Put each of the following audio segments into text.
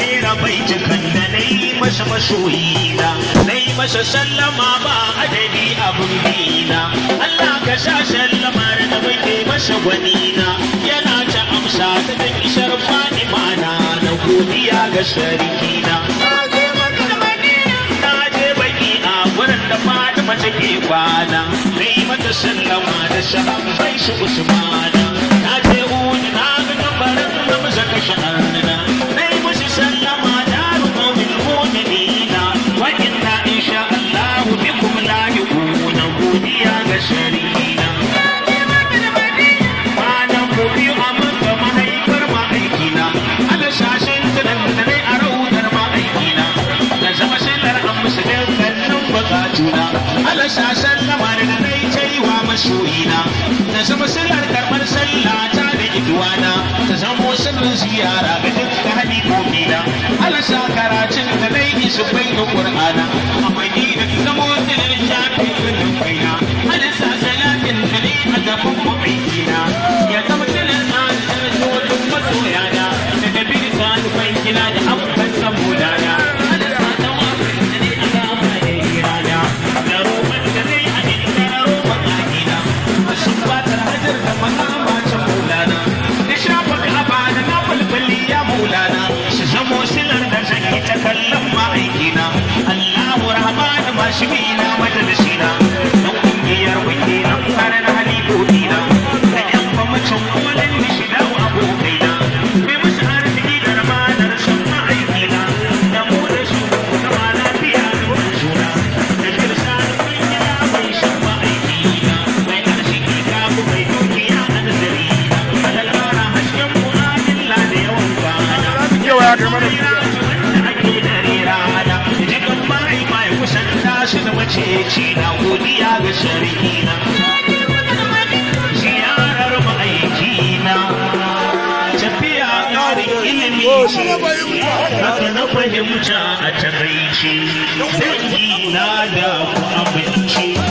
rera baitukan da na yi masa masoyina na yi masa sallama ba adadi abun dina Allah ka sa sallamar da muke masa gwanina yana ta amsa ta da kishar fa'ima na na godiya ga wurin da Fatima take kwana na yi mata sallama da bai su Usmana na je uni na ga gabarin da mu zaka ziyara ga duk hali gobina ala sa karatun da nai isu bai ga qur'ana kallon ma'aikina Allahu da mashimina madadashina fahimta a takaice dangi na da ku abinci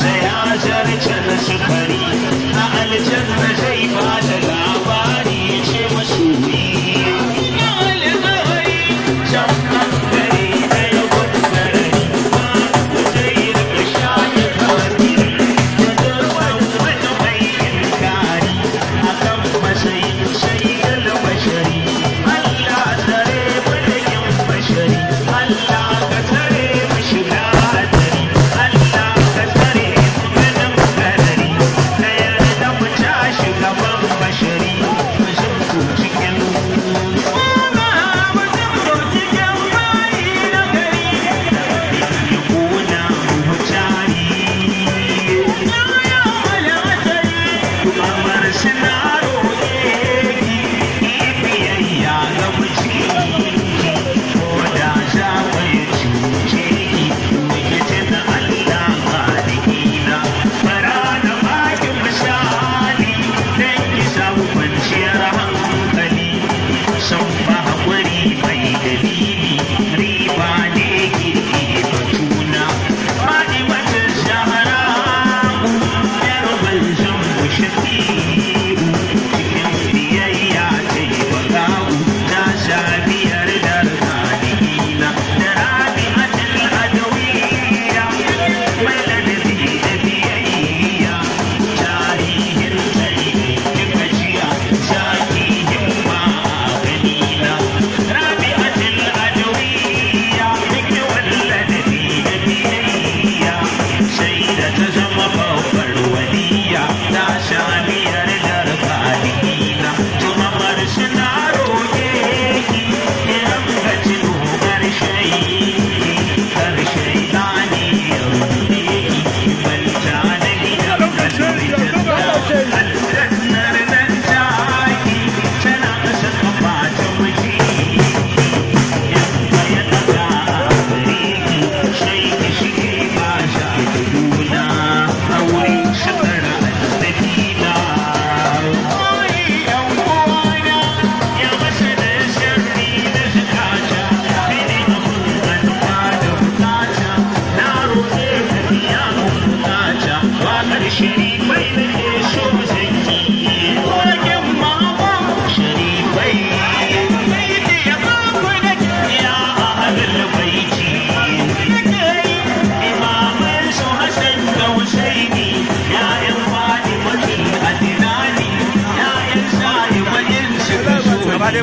سيا جرجل سفري أعلى جنة جيبات العالم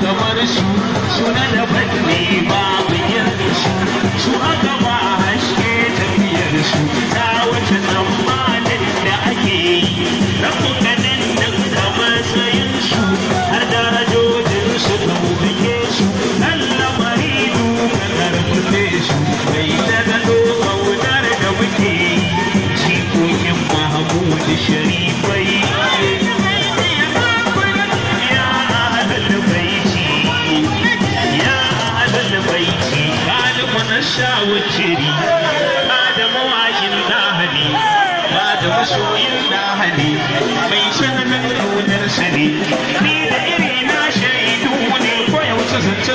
kamar su suna da ne ba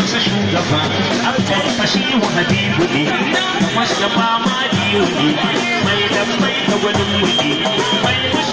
sa shugaba an kai fashi wa habibu ne da mashi da mamaki ne mai da mai da gwanin muke mai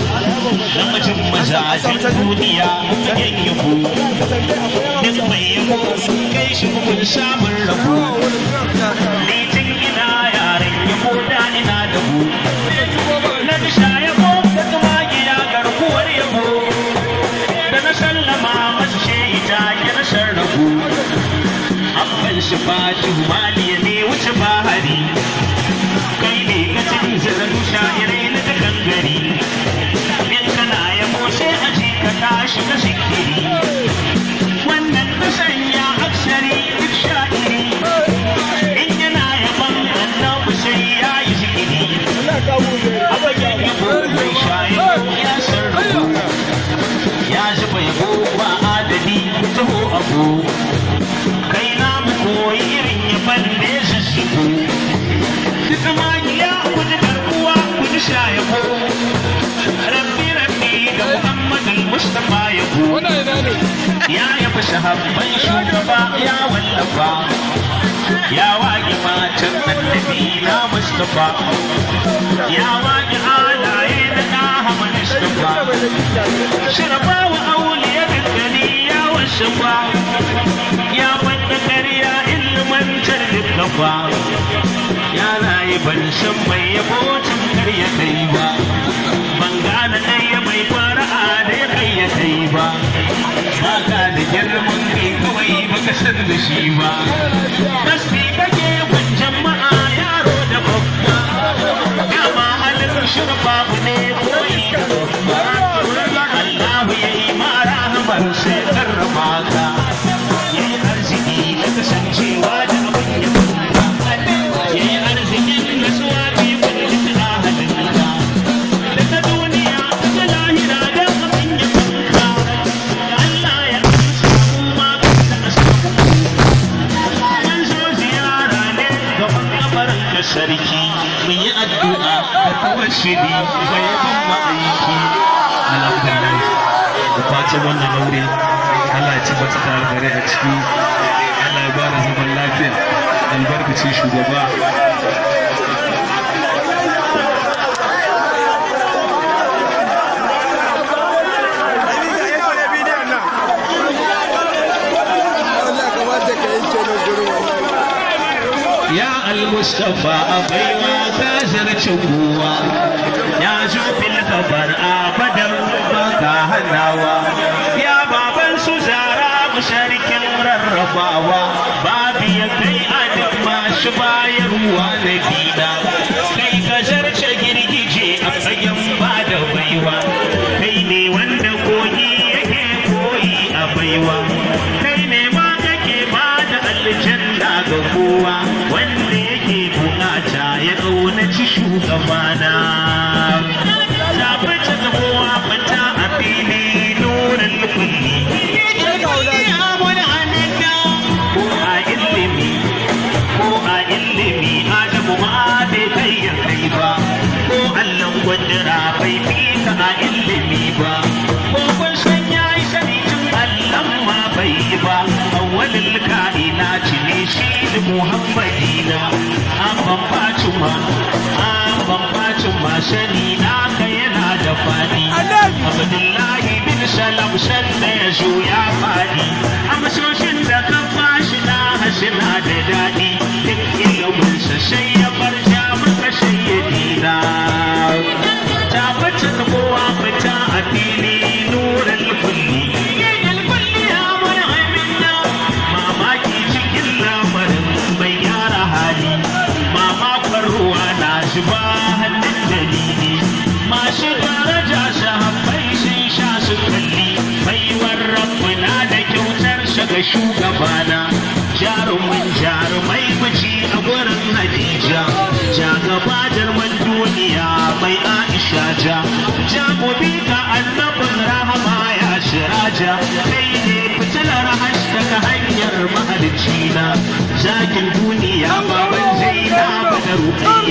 a cikin duniya yan yabo duk mai yabo sun kai shi kun samun rabu ne tun ina yaren yabo da ina da ku na bisha yabo da kuma gida garkuwar yabo da na sallama masu shi ita ya na sharrafu abban shi fashi ma wallafa shahabban shugaba ya wallafa ya wage matan annabi na mustafa ya wage halaye na daha mustafa shirba wa auliya gangani ya wasafa ya wanda kariya ilmantar littafa ya layi ban san mai yabo tun kar ya kai ba ban gane ɗaya mai ba dai kai ya kai ba ba ka da girman kai kawai baka san da shi ba sarki mun yi addu'a da tawassuli da yabon ma'aiki alhamdulillah da fatan wannan aure Allah ya ci mata tare a ciki Allah ya ba da zaman lafiya albarkaci shugaba ya al-mustafa abai ta zazarcin kowa ya zo fil gabar abadan baka hanawa ya baban su zara musharikin rarrabawa babu ya kai ma shi bayarwa na dina kai ka zarce girgije a fagen ba da baiwa kai ne wanda kogi yake koyi a baiwa aljanna ga kowa wanda yake bukata ya ƙaunaci shugabana Muhammad Muhammadina an bambacin ma an bambacin ma shani na ka yana da fadi Abdullahi bin Salam shan da ya zo ya fadi amsoshin da ka fashi na na da daɗi duk ilimin sa sai ya bar ja maka shayyadi na ta fata kowa fita a fili ba hannun dalili masu daraja shahabbai sun sha su kalli baiwar rabbuna da kyautar shaga shugabana jarumin jarumai mace a gurin hadija ja gaba jarman duniya mai aisha ja ja gobe ka annabin rahama ya shiraja kai ne fitilar hashtaka hanyar mahalicina zakin duniya baban zaina da ruɗi